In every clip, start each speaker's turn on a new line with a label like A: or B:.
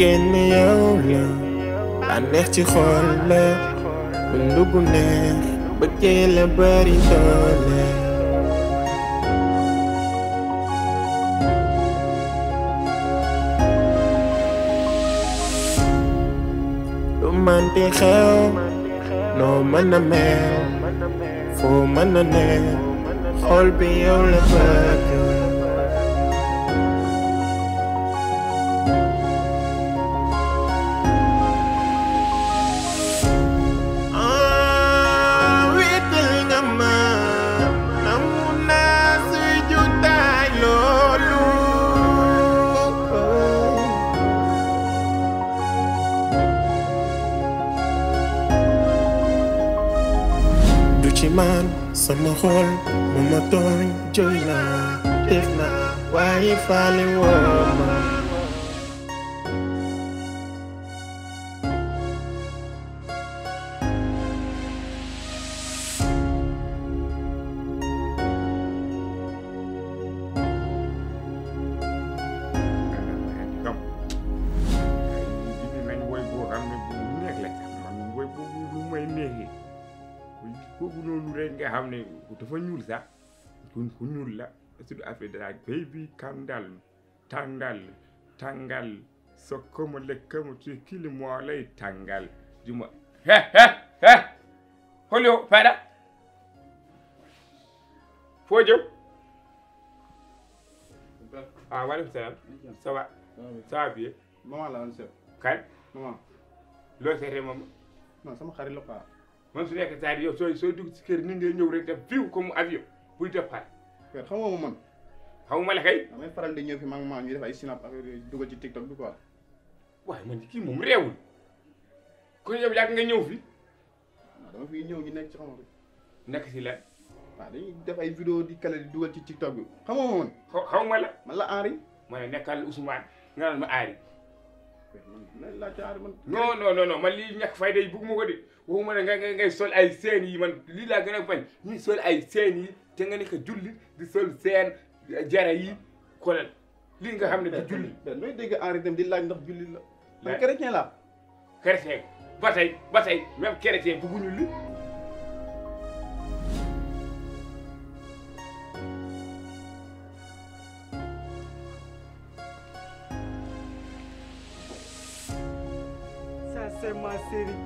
A: yêu كأني أولى عنحتي خولة من لقنار بكي لباري دولار man te xew no man a mel fo man a ne xol bi yow la bëgg
B: finally warm up.
C: ko ko non ren nga xam ne dafa ñuul sax ku ñuul la de la baby Kandal tangal tangal sokkomo lekkamo tukkili moolay tangal jumo he he he holi o faɗa ah jom a Ça salam sawa sawa biye mama la on sef kan mama lo sete non sama xari lo man su yo ni comme avion buy pas.
B: père xaw ma man. xaw ma la kay. faral di ñëw fi maam maam ñu def ay snap ak dugal ci tiktok bi quoi.
C: waaye man kii moom réewul. kon yow yàgg nga ñëw fi. dama fi ñëw ñu nekk ci xam nekk si waaw dañuy
B: def ay vidéo di kale di dugal ci tiktok
C: bi xam nga man. xaw ma la. man la Henri. ma ne nga naan ma Henri. man laa ca Henri man. non non non lii ñàkk fayda yi bëgguma ko de waxuma nga sol ay seen yi man lii laa gën a bañ ñuy sol ay seen yi. te nga nekk julli di seul yi li nga xamné di julli dégg Henri dem di laaj ndax julli la chrétien la chrétien même chrétien
D: ça c'est ma série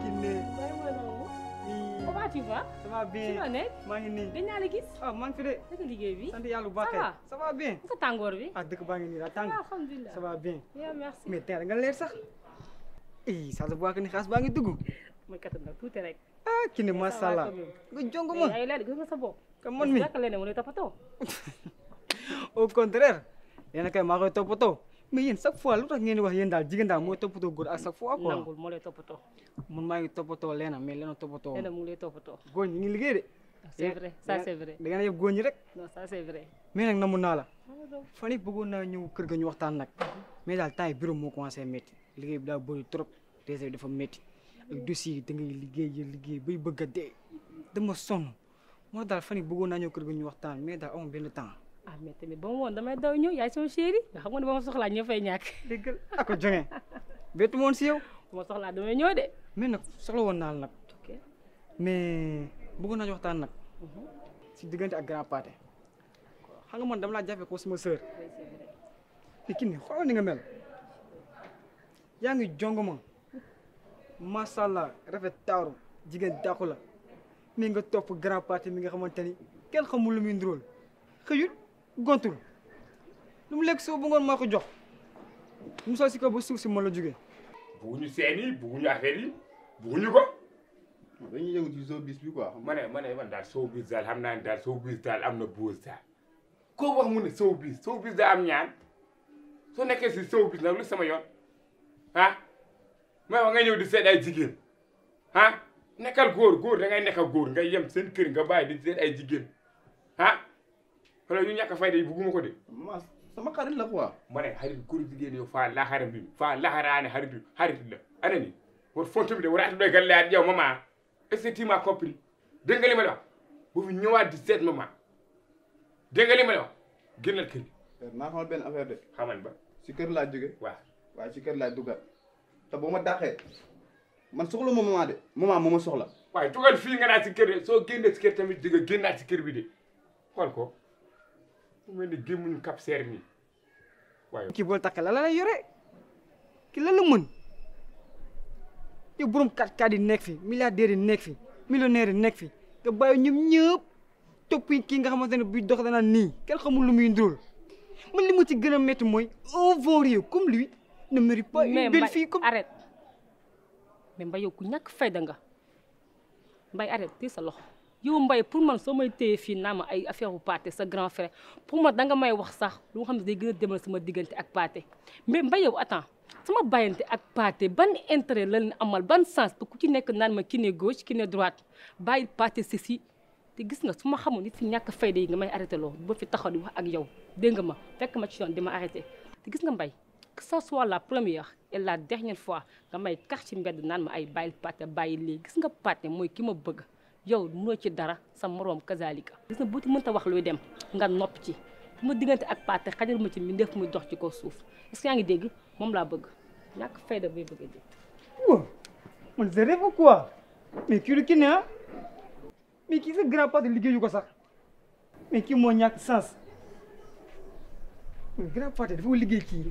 D: comment tu vas ça va bien ci noo nekk maa ngi nii dañ naa la gis ah maa ngi fi de naka liggéey bi sant yàlla bu baax ça va bien naka tàngoor bi ah dëkk baa ngi nii daa tàng alhamdulilah ça va bien yow merci mais tey nga leer sax eh ça se voit que ni xaas baa ngi dugg mooy katam nag tuuti rek ah ki ne eh, macha allah
E: nga jongo ma eh, ay leer gis nga sa bopp comme man mi naka la ne mu lay toppatoo
D: au contraire yéen a kay maa koy toppatoo mais yéen chaque fois lu tax ngeen di wax yéen daal jigéen daal mooy toppatoo góor ak chaque fois quoi nangul
E: moo lay toppatoo
D: man maa ngi toppatoo leena mais leena toppatoo leena mu liggéey de c'est vrai ça c'est vrai a yëpp góor rek
E: non ça c'est vrai
D: naa la ah, fan yi bëggoon naa ñëw kër ga ñu waxtaan nag mhm. mais daal temps yi bureau moo commencé métti liggéey bi daa bëri trop réserve dafa métti mm. ak dossier yi da ngay liggéey liggéey bay bëgg a dee dama sonn moo daal fan yi bëggoon naa ñëw kër ga ñu waxtaan mais daal amoon benn temps
E: ah mais tamit ba mu woon damay daw ñëw yaay sama chéri nga xam nga ne ba ma soxlaa ñëw fay
D: ñàkk. dégg nga ak jonge bettu woon si yow. ma soxlaa damay ñëw de. mais nag soxla woon naa la nag. ok mais bëggoon naa waxtaan nag. Mhm. si diggante ak grand pâté. xam nga man dama laa jafe ko sama sœur. fii kii nii xoolal ni nga mel. yaa ngi jong ma. macha rafet taaru jigéen dàqu la. mi nga topp grand pâté mi nga xamante ni kenn xamul lu muy ndróol xëyut. gontul lu mu lekk suba ngoon moo ko jox mu soo si ko ba suuf si moo la jógee
C: bugguñu seen yi bugguñu affaire yi bugguñu ko dañuy yëngu ci showbiz bi quoi ma ne ma ne man daal showbiz daal naa ne daal showbiz daal am na boos daal koo wax mu ne showbiz showbiz daa am ñaan soo nekkee si showbiz na lu sama yoon ah ma wax nga ñëw di seet ay jigéen ah nekkal góor góor da ngay nekkal góor nga yem seen kër nga bàyyi di seet ay jigéen wala ñu ñàkk fayda yi bugguma ko de. ma sama xarit la quoi. ma ne xarit góor jigéen yow faa laxara bi faa laxaraane xarit xarit la anani bi de wara atu doy gan layaat yow maman est-ce que ma la wax bu fi ñëwaat di seet maman dégg nga ma la wax génnal kër gi eh, naa xamal benn affaire de xamal ba si kër laa jóge waaw laa dugal te bu ma dàqee man soxla ma maman de maman moo ma soxla waaye dugal fii nga naa si kër soo génnee si kër tamit di nga génnaat si kër bi de xool ko mu mel ni gémmuñu kii
D: boo takkee la la lay yore ki la la mën yow borom kat-kat yi nekk fi milliardaires yi nekk fi millionnaires yi nekk fi nga bàyyi ñëpp topp kii nga xamante ne buy dox dana nii kenn xamul lu muy ndóol man li ma ci gën a métti mooy un vaurier comme lui ne mérite pas une belle fille
E: comme. arrête mais mbay yow ku ñàkk sa loxo. yow mbay pour man soo may téye fii naa ma ay affaire bu Pathé sa grand frère pour man danga may wax sax lu nga xam ne day gën a demal sama diggante ak Pathé mais mbay yow attends sama bàyyante ak Pathé ban intérêt la leen amal ban sens ba ku ci nekk naan ma ki ne gauche ki ne droite bàyyi Pathé si te gis nga su ma xamoon nit si ñàkk fayda yi nga may arrêté loolu ba fi taxaw di wax ak yow dégg ma fekk ma ci yoon dima arrêté te gis nga mbay que ça soit la première et la dernière fois nga may kar ci mbedd naan ma ay bàyyil Pathé bàyyi lii gis nga Pathé mooy ki ma bëgg yow mënoo ci dara sa moroom kazalika gis na boo ci mënta wax luy dem nga nopp ci bu ma diggante ak pàtte xajal ma ci mi ndef muy dox ci ko suuf est que yaa ngi dégg moom laa bëgg ñàkk fayda bay bëgg a dégg
D: waaw man je rêve quoi mais ne liggéeyu ko sax mais moo ñàkk sens grand pàtte dafa ko liggéey kii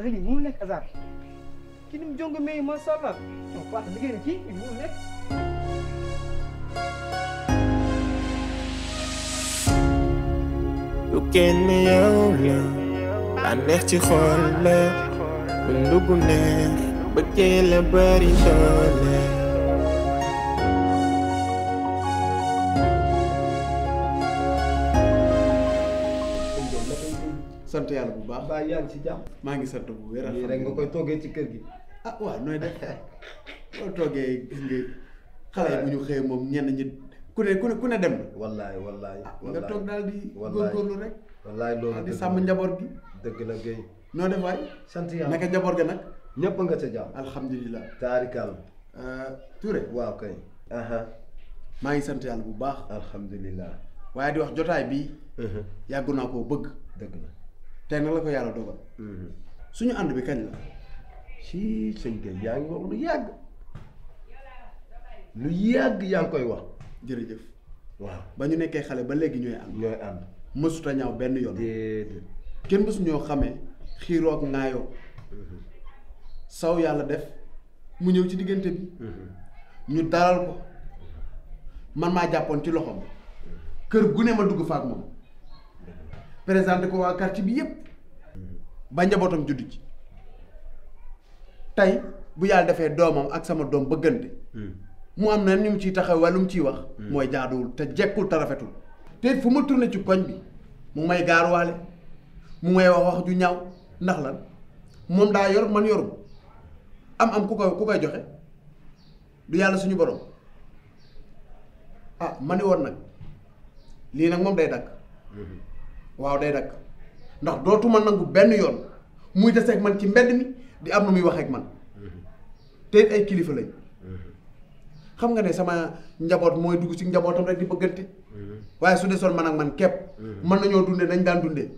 D: mu jong may macha allah non liggéey na kii mënul nekk
A: lu kenn yow la bànneex ci xol la dundu gu neex bëggee la bari doole baax yaa ngi ci jàmm maa ngi sant bu wér rek nga koy
D: toggee ci kër gi
A: ah waaw nooy def bu ñu xëyee moom ñenn ñi ku ne ku ne ku ne dem. wallaay wallaay ah, nga toog daal di. wallaay góorgóorlu rek. di sàmm njaboot gi. dëgg la Guèye. noo def waay. sant yàlla naka njaboot ga nag. ñëpp nga ca jàmm. alhamdulilah. taarikaal. Euh, Touré. maa ngi sant yàlla bu baax. alhamdulilah. waaye di wax jotaay bi yàgg naa koo bëgg. dëgg la tey nag la ko yàlla dogal. Mhm. suñu ànd bi kañ la. si sëñ Guèye yaa ngi wax lu yàgg. lu yàgg yaa ngi koy wax. jërëjëf. waaw ba ñu nekkee xale ba léegi ñooy ànd. ñooy ànd a ñaaw benn yoon. kenn mësu ñoo xamee xiiroo ak ŋaayoo. Mhm. saw yàlla def mu ñëw ci diggante bi. Mhm. ñu dalal ko man maa jàppoon ci loxoom mhm. kër gu ne ma dugg fa moom. présenté ko waa quartier bi yépp ba njabootam juddu ci tey bu yàlla defee doomam ak sama doom bëggante. mu am na ni mu ciy taxaw wala mu ciy wax.
D: Hmm.
B: mooy
A: jaaduwul te jekkul te rafetul. te fu ma tourné ci koñ bi mu may gaaruwaale mu may wax wax ju ñaaw ndax lan moom daa yor man yorum am am ku koy ku koy joxe du yàlla suñu borom ah ma ne woon nag lii nag moom day dakk hmm. waaw day dakk ndax dootuma nangu benn yoon muy deseeg man ci mbedd mi di am na muy waxeeg man hmm. te ay kilifa lañ. xam nga ne sama njaboot mooy dugg ci njabootam rek di bëggante mm-hmm. waaye su desoon man ak man képp mm-hmm. mën nañoo dundee nañ daan dundee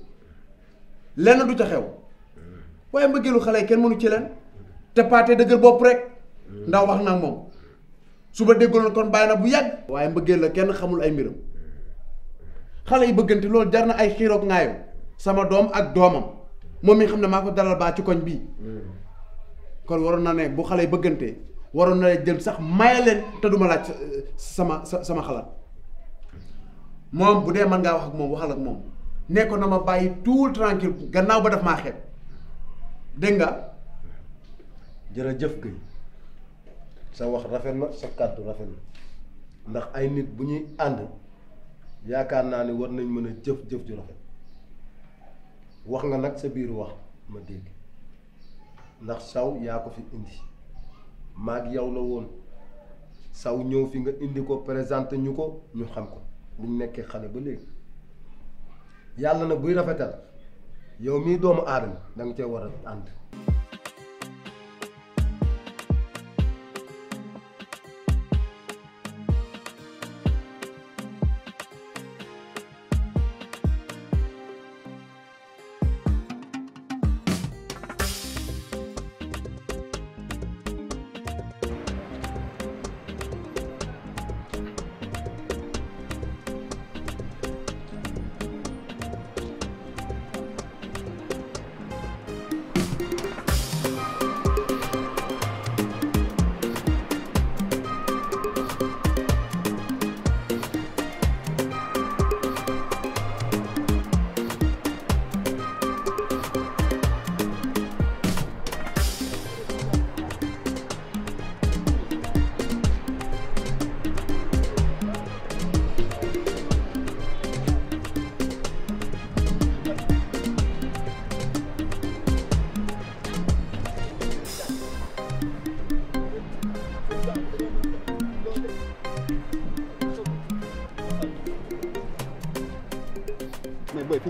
A: lenn du ca xew mm-hmm. waaye mbëggeelu xale yi kenn mënu ci leen te paate dëgër bopp rek ndaw wax naa moom suba déggaloon kon bàyyi na bu yàgg waaye mbëggeel la kenn xamul ay mbiram xale yi bëggante loolu jar na ay xiiroog ngaayo sama doom ak doomam moom mi xam ne maa ko dalal baa ci koñ bii kon waroon na ne bu xale yi bëggantee waron na dem sax maye len te duma lacc sama sama xalat mom bu dee mën ngaa wax ak mom waxal ak mom ne ko na ma bàyyi tout tranquille gannaaw ba daf ma xet de nga jërëjëf Guèye sa wax rafet na sa kaddu rafet na ndax ay nit bu ñuy yaakaar naa war nañ mën jëf jëf ju rafet wax nga nag sa biir wax ma dégg ndax saw yaa ko fi indi maag yow la woon saw ñëw fii nga indi ko présenté ñu ko ñu xam ko buñ nekkee xale ba léegi yàlla na buy rafetal yow mii doomu aadama da nga cee war a ànd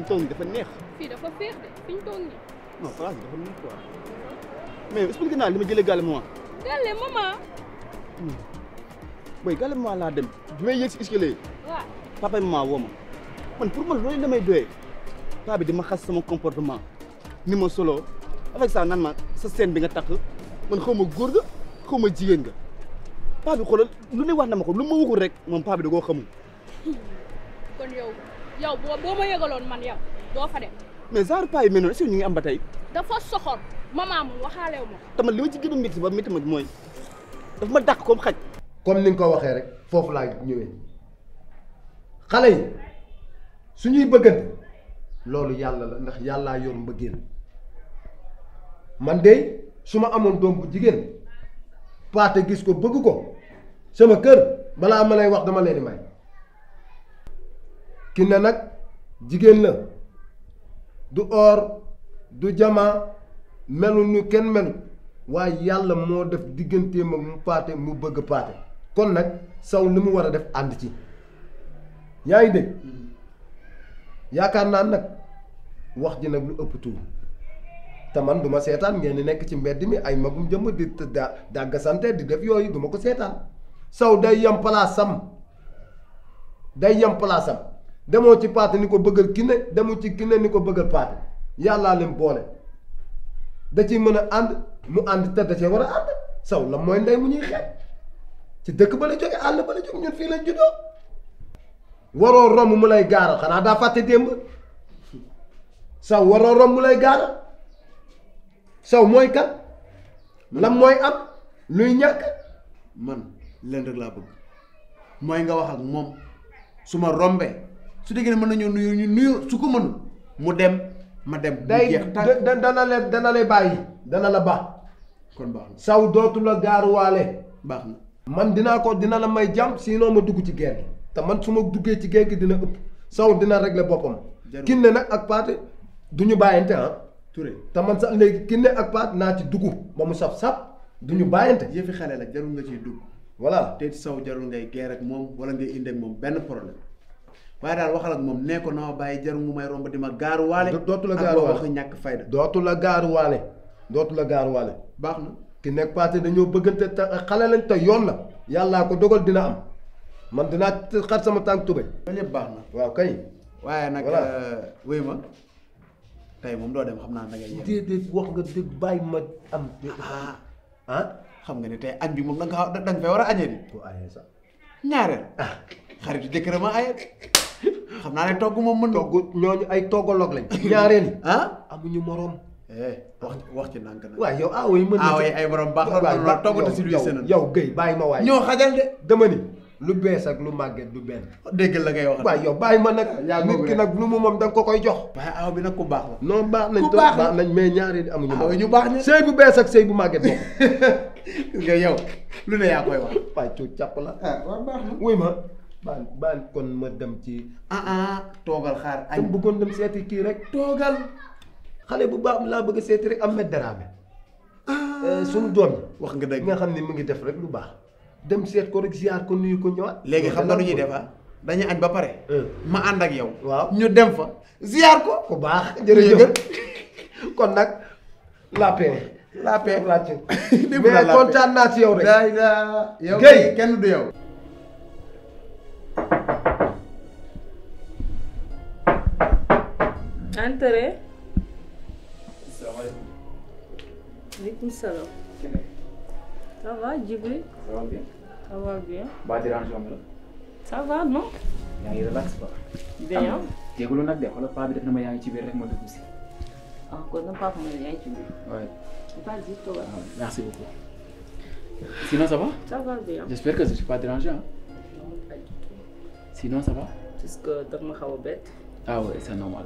B: fi dafa neex.
E: fii dafa féex de fi ñu
B: non place dafa neex quoi mais expliqué naa li ma jëlee Gale Mama.
E: Gale Mama.
B: booy Gale Mama laa dem bi may yéeg si escalier yi. papa mama woo ma man pour man loolu damay doyee paa bi dama xas sama comportement ni ma solo avec ça nan ma sa scène bi nga takk man xaw ma góor nga xaw ma jigéen nga paa bi xoolal lu ne wax na ma ko lu ma waxul rek moom paa bi da koo xamul.
E: kon yow. yow boo boo ma yëgaloon man yow doo fa dem.
B: mais genre paa yi mel noonu est-ce ñu ngi am ba tey.
E: dafa soxor maman mu waxaale ma.
B: tamit li ma ci gën a métti ba métti ma mooy daf ma dàq comme xaj. comme ni nga ko waxee rek foofu laa ñëwee
A: xale yi suñuy bëggante loolu yàlla la ndax yàllaa yor mbëggeel man de su ma amoon doom bu jigéen paate gis ko bëgg ko sama kër balaa ma lay wax dama leen di may. ki ne nag jigéen la du or du jamaa melu nu kenn melu waaye yàlla moo def diggante ak mu paate mu bëgg paate kon nag saw li mu war a def ànd ci yaa ngi dégg yaakaar naa nag wax ji nag lu ëpp tuur te man duma seetaan ngeen di nekk ci mbedd mi ay magum jëmm di da sante di def yooyu duma ko seetaan saw day yem palaasam day yem palaasam demoo ci paate ni ko bëggal kinne demu ci kinne ni ko bëggal paate yàllaa leen boole da ci mën a ànd mu ànd te da cee war a ànd saw la mooy ndey mu ñuy xeet ci dëkk ba la jóge àll ba la jóge ñun fii lañ juddoo waroo romb mu lay gaaral xanaa daa fàtte démb saw waroo romb mu lay gaaral saw mooy kan lan mooy am luy ñakk man leen rek laa bëgg mooy nga wax ak moom su ma rombee su déggee ne mën nañoo nuyu ñu nuyu su ko mënu mu dem ma dem. day dana la dana la bàyyi dana la ba kon baax na saw dootu la gaaruwaale. baax na man dinaa ko dina la may jàmm sinon ma dugg ci guerre te man su ma duggee ci guerre gi dina ëpp saw dina régler boppam. kinne nag ak paate duñu bàyyante ah. Touré te man sax léegi kinne ak paate naa ci dugg ba mu saf saf duñu ñu bàyyante. yëfi xale la jarul nga ciy dugg. voilà te saw jarul ngay guerre ak moom wala ngay indi ak moom benn problème. waye dal waxal ak mom ne ko no baye jar mu may romb di ma walé dotu la gaaruwaale ak wax ñàkk fayda. dootu la gaaruwaale dootu la gaaruwaale. walé baxna ki nek parti dañu bëggante xale lañ te yoon la. yalla ko dogal dina am man dina xar sama tànk tubay. loolu baxna waaw kay. waye nak wéy ma tay mom do dem xam naa da ngay. dé wax nga dëgg bàyyi ma am. ah xam nga ni tay añ bi mom da nga fay wara añé war ko ayé sa ñaareel xarit jëkkëram a aye xam naa ne togg moom mën na. togg ñooñu ay toggaloog lañ. ñaareel ah amuñu morom. Eh, wax wax ci nànk na. waaw yow ah oui mën na ah ci ay morom baax na togg te si luy seen yow Guèye bàyyi ma waay ñoo xajal de dama ni. lu bees ak lu màgget du benn. dégg la ngay wax. waaw yow bàyyi ma nag. nit nag lu moom da nga ko koy jox. waaye aw bi ku baax la. baax nañ ku baax nañ mais ñaari amuñu. aw ñu baax ne sëy bu bees ak sëy bu màgget bokk. nga lu ne yaa koy wax. waaye coow càpp la. ah ma. baa baa kon ma dem ci ah, ah toogal xaar añ bëggoon dem seeti kii rek toogal xale bu baax mu laa bëgg a seeti rek Ahmed Dramé ah. eh, suñu doom wax nga dëgg nga xam ne mu ngi def rek lu baax dem seet ko rek ziar ko nuyu ko ñëwaat léegi xam nga lu ñuy defa ah? dañu añ ba pare eh. ànd ak yow waaw ñu dem fa ziar ko ku baax jërëjëf kon nag la paix la paix mais kontaan naa ci yow rek yow kenn du yow
E: entrée. salaamaaleykum. maaleykum salaam. ça va Djibé ça va bien. ça va bien.
F: ba dérangé nga la.
E: ça va non.
F: yaa ngi relax ba. bien. déglu hein? nag de xoolal paa bi def na ma yaa ngi ci biir rek ma dugg si.
E: ah kon nag paa ko mën yaa ngi ci biir. oui. vas-y toi.
F: merci beaucoup. sinon ça va. ça va bien. j'espère que je ne suis pas dérangé ah. sinon ça va.
E: parce que da nga ma xaw
F: ah ouais, c'est normal.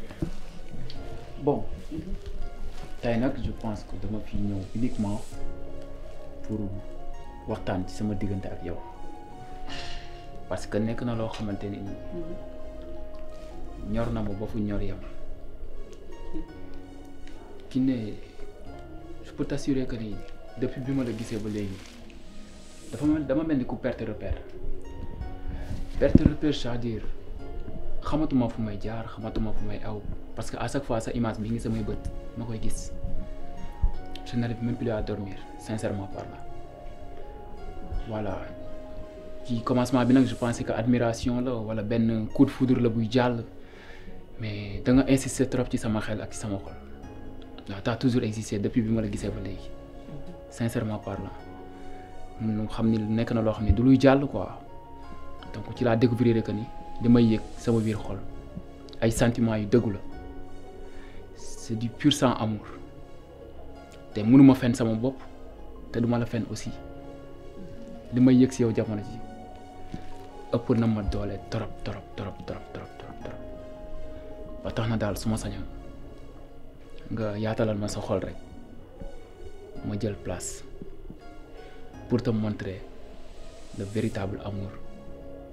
F: bon tey nag je pense que dama fi ñëw uniquement pour waxtaan ci sama diggante ak yow parce que nekk na loo xamante ni ñor na ma ba fu ñor yam ki ne je peux t'assurer que depuis bi ma la gisee ba léegi dafa dama mel ni ku perte repère perte repère cest dire xamatuma fu may jaar xamatuma fu may aw parce que à chaque fois sa image mi ngi samay bët ma koy gis je n'arrive même plus à dormir sincèrement par là voilà ci commencement bi nag je pensais que admiration la wala benn coup de foudre la buy jàll mais da nga insister trop ci sama xel ak ci sama xol da t'a toujours existé depuis bi ma la gisee ba léegi sincèrement parlant mun xam ni nekk na loo xam ne du luy jàll quoi donc ci laa découvrir que ni li yek sama bir xol ay sentiment yu dëggu la c'est du pur sang amour té mënuma fen sama bop té duma la fen aussi li yek yëg si yow jamono ci ëpp na ma doole torop torop torop torop torop torop ba tax na daal su sañoon nga yaatalal ma sa xol rek ma jël place pour te montrer le véritable amour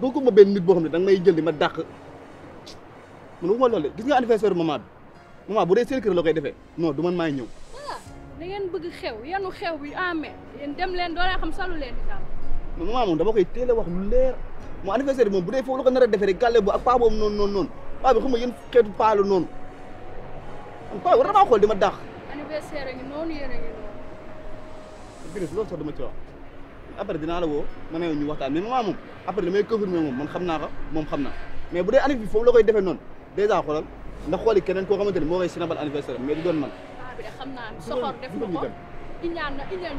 B: ma benn nit boo xam ne danga may jël di ma dàq man waxuma loolu gis nga anniversaire maman bi bu dee seen la koy defee non du man maay ñëw. voilà
E: ah, xew yanu xew en mai yéen di daal.
B: mais maman moom dama koy teel a wax lu leer moo bu dee foofu la ko nar a defee rek gàlle bu ak paa boobu noonu noonu noonu paa bi xam nga noonu man paa ma dàq. noonu yéen ngi noonu. après dina la wo mané ñu waxtaan mais moment moom après li may confirmer mom man xamna naa ko moom xam mais bu dé anniv bi fofu la koy défé non dèjà xolal ndax xoli kenen ko xamanteni mo ngay koy sinabal anniversaire mais du doon man.
E: waaw soxor def na ko. iñaan na iñaan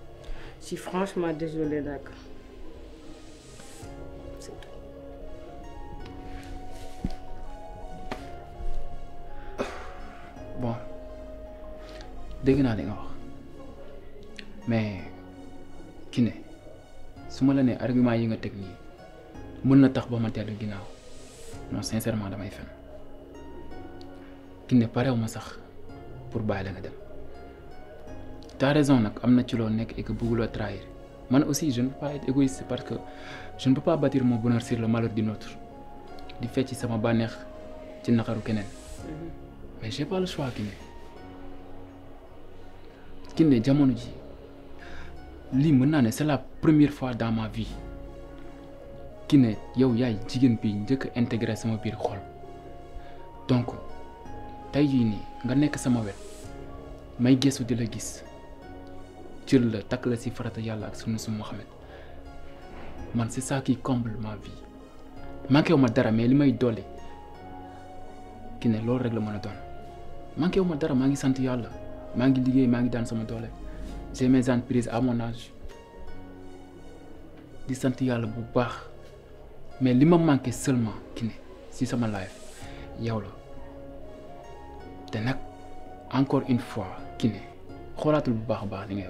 E: Je suis franchement désolé, d'accord. C'est tout.
F: Bon. je suis. mais qui n'est. ma la nee argument yi nga je mën na tax faire de non sincèrement damay suis Kiné pour de la t'as raison nak. am ci loo et que bëgguloo trahir Moi aussi je ne peux pas être égoïste parce que je ne peux pas bâtir mon bonheur sur le malheur d'un autre di fecc sama bànneex ci naqaru keneen mais j'ai pas le choix Kine Kine jamono ji lii mën ne c'est la première fois dans ma vie Kine yow yaay jigéen bi que a intégré sama biir xol donc tey jii nii nga nekk sama wet may gëstu di la gis le la takla la farata yalla ak sunna Mohamed. man c'est ça qui comble ma vie manqué wu ma dara mais limay dolé ki né lool rek la mën a doon manqué ma dara maa ngi sant mangi maa ngi liggéey maa ngi daan sama doole j'ai mes entreprises à mon âge di sante yalla bu baax mais li ma manqué seulement ki né si sama life yow la te nag encore une fois ki ne xoolaatul bu baax a baax li ngay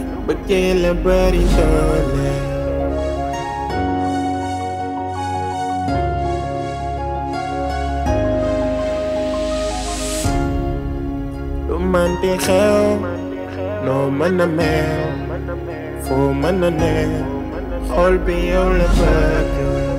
A: bëggee la bari doole lu manti xew noo a mel foo mën a ne xool bi yow la bëgg